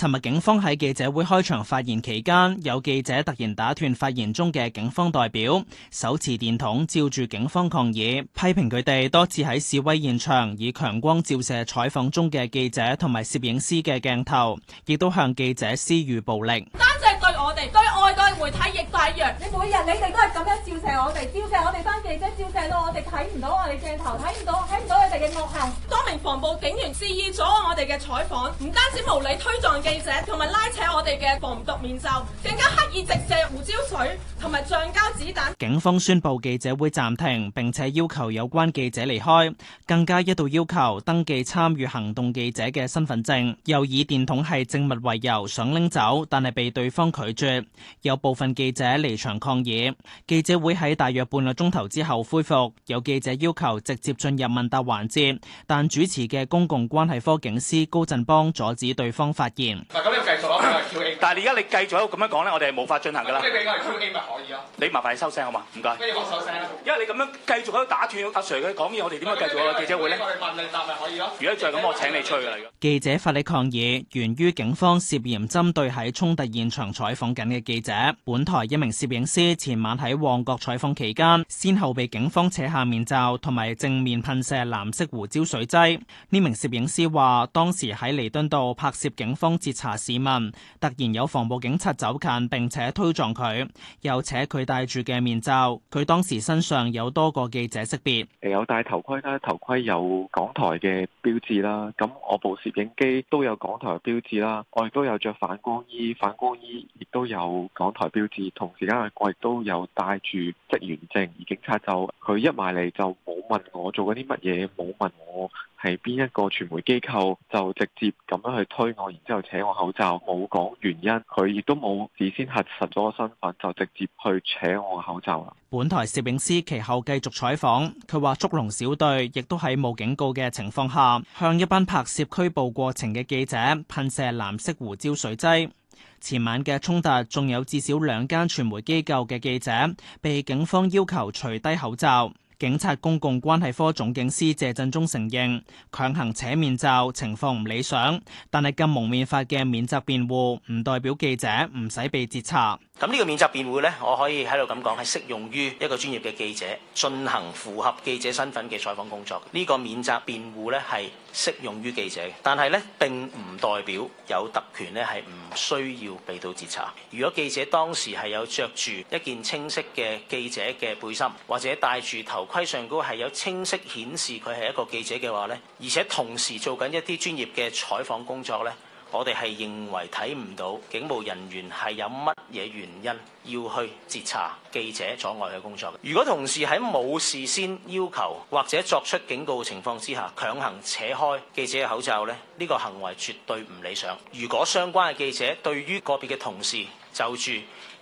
昨日警方喺記者會開場發言期間，有記者突然打斷發言中嘅警方代表，手持電筒照住警方抗議，批評佢哋多次喺示威現場以強光照射採訪中嘅記者同埋攝影師嘅鏡頭，亦都向記者施予暴力。單只對我哋，對外對媒體亦大弱。你每日你哋都係咁樣照射我哋，照射我哋班記者，照射到我哋睇唔到我哋鏡頭，睇唔到睇唔到我哋嘅惡行。防暴警員肆意阻礙我哋嘅採訪，唔單止無理推撞記者，同埋拉扯我哋嘅防毒面罩，更加刻意直射胡椒水同埋橡膠子彈。警方宣布記者會暫停，並且要求有關記者離開，更加一度要求登記參與行動記者嘅身份證，又以電筒係證物為由想拎走，但係被對方拒絕。有部分記者離場抗議，記者會喺大約半個鐘頭之後恢復。有記者要求直接進入問答環節，但主持嘅公共關係科警司高振邦阻止對方發言。嗱，咁你繼續。但係你而家你繼續喺度咁樣講咧，我哋係無法進行噶啦。你比較係吹機咪可以咯？你麻煩你收聲好嘛？唔該。跟住收聲因為你咁樣繼續喺度打斷咗，阿 Sir 佢講嘢，我哋點樣繼續開記者會咧？我哋問你答咪可以咯？如果再咁，我請你出去嚟嘅。記者發力抗議，源於警方涉嫌針對喺衝突現場採訪緊嘅記者。本台一名攝影師前晚喺旺角採訪期間，先後被警方扯下面罩同埋正面噴射藍色胡椒水劑。呢名攝影師話，當時喺彌敦道拍攝警方截查市民。突然有防暴警察走近，並且推撞佢，又扯佢戴住嘅面罩。佢當時身上有多個記者識別，有戴頭盔啦，頭盔有港台嘅標誌啦。咁我部攝影機都有港台標誌啦，我亦都有着反光衣，反光衣亦都有港台標誌。同時間我亦都有戴住職員證，而警察就佢一埋嚟就冇，問我做緊啲乜嘢？冇問我係邊一個傳媒機構，就直接咁樣去推我，然之後扯我口罩，冇講原因。佢亦都冇事先核實咗個身份，就直接去扯我口罩啦。本台攝影師其後繼續採訪，佢話速龍小隊亦都喺冇警告嘅情況下，向一班拍攝拘捕過程嘅記者噴射藍色胡椒水劑。前晚嘅衝突，仲有至少兩間傳媒機構嘅記者被警方要求除低口罩。警察公共關係科總警司謝振中承認強行扯面罩情況唔理想，但係禁蒙面法嘅免責辯護唔代表記者唔使被截查。咁呢個免責辯護咧，我可以喺度咁講，係適用於一個專業嘅記者進行符合記者身份嘅採訪工作。呢個免責辯護咧係適用於記者，但係咧並唔代表有特權咧係唔需要被到截查。如果記者當時係有着住一件清晰嘅記者嘅背心，或者戴住頭規上高係有清晰顯示佢係一個記者嘅話呢，而且同時做緊一啲專業嘅採訪工作呢，我哋係認為睇唔到警務人員係有乜嘢原因要去截查記者阻礙嘅工作。如果同事喺冇事先要求或者作出警告嘅情況之下強行扯開記者嘅口罩呢，呢個行為絕對唔理想。如果相關嘅記者對於個別嘅同事就住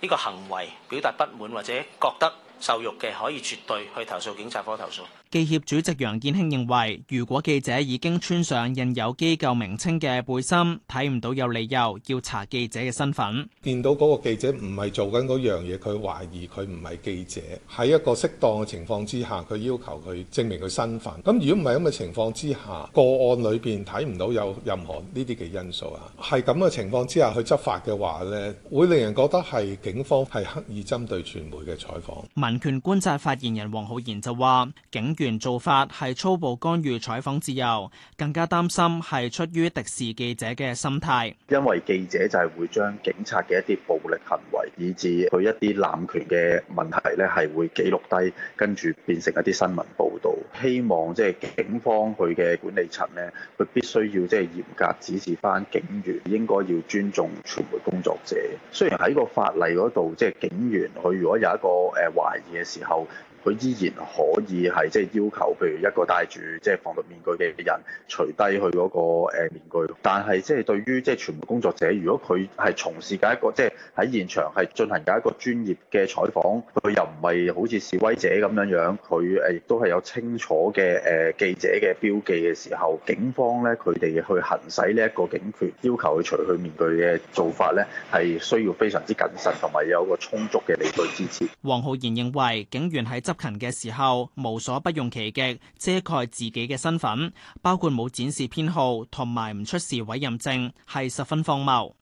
呢個行為表達不滿或者覺得，受辱嘅可以絕對去投訴警察科投訴。記協主席楊健興認為，如果記者已經穿上印有機構名稱嘅背心，睇唔到有理由要查記者嘅身份。見到嗰個記者唔係做緊嗰樣嘢，佢懷疑佢唔係記者。喺一個適當嘅情況之下，佢要求佢證明佢身份。咁如果唔係咁嘅情況之下，個案裏邊睇唔到有任何呢啲嘅因素啊。係咁嘅情況之下去執法嘅話呢，會令人覺得係警方係刻意針對傳媒嘅採訪。民權觀察發言人王浩然就話警。員做法係粗暴干預採訪自由，更加擔心係出於敵視記者嘅心態，因為記者就係會將警察嘅一啲暴力行為，以至佢一啲濫權嘅問題咧，係會記錄低，跟住變成一啲新聞報道，希望即係警方佢嘅管理層咧，佢必須要即係嚴格指示翻警員應該要尊重傳媒工作者。雖然喺個法例嗰度，即係警員佢如果有一個誒懷疑嘅時候，佢依然可以係即係要求，譬如一個戴住即係防毒面具嘅人，除低佢嗰個誒面具。但係即係對於即係全部工作者，如果佢係從事緊一個即係喺現場係進行緊一個專業嘅採訪，佢又唔係好似示威者咁樣樣，佢誒亦都係有清楚嘅誒記者嘅標記嘅時候，警方咧佢哋去行使呢一個警權要求佢除去面具嘅做法咧，係需要非常之謹慎，同埋有一個充足嘅理據支持。黃浩然認為警員喺執勤嘅時候，無所不用其極遮蓋自己嘅身份，包括冇展示編號同埋唔出示委任證，係十分荒謬。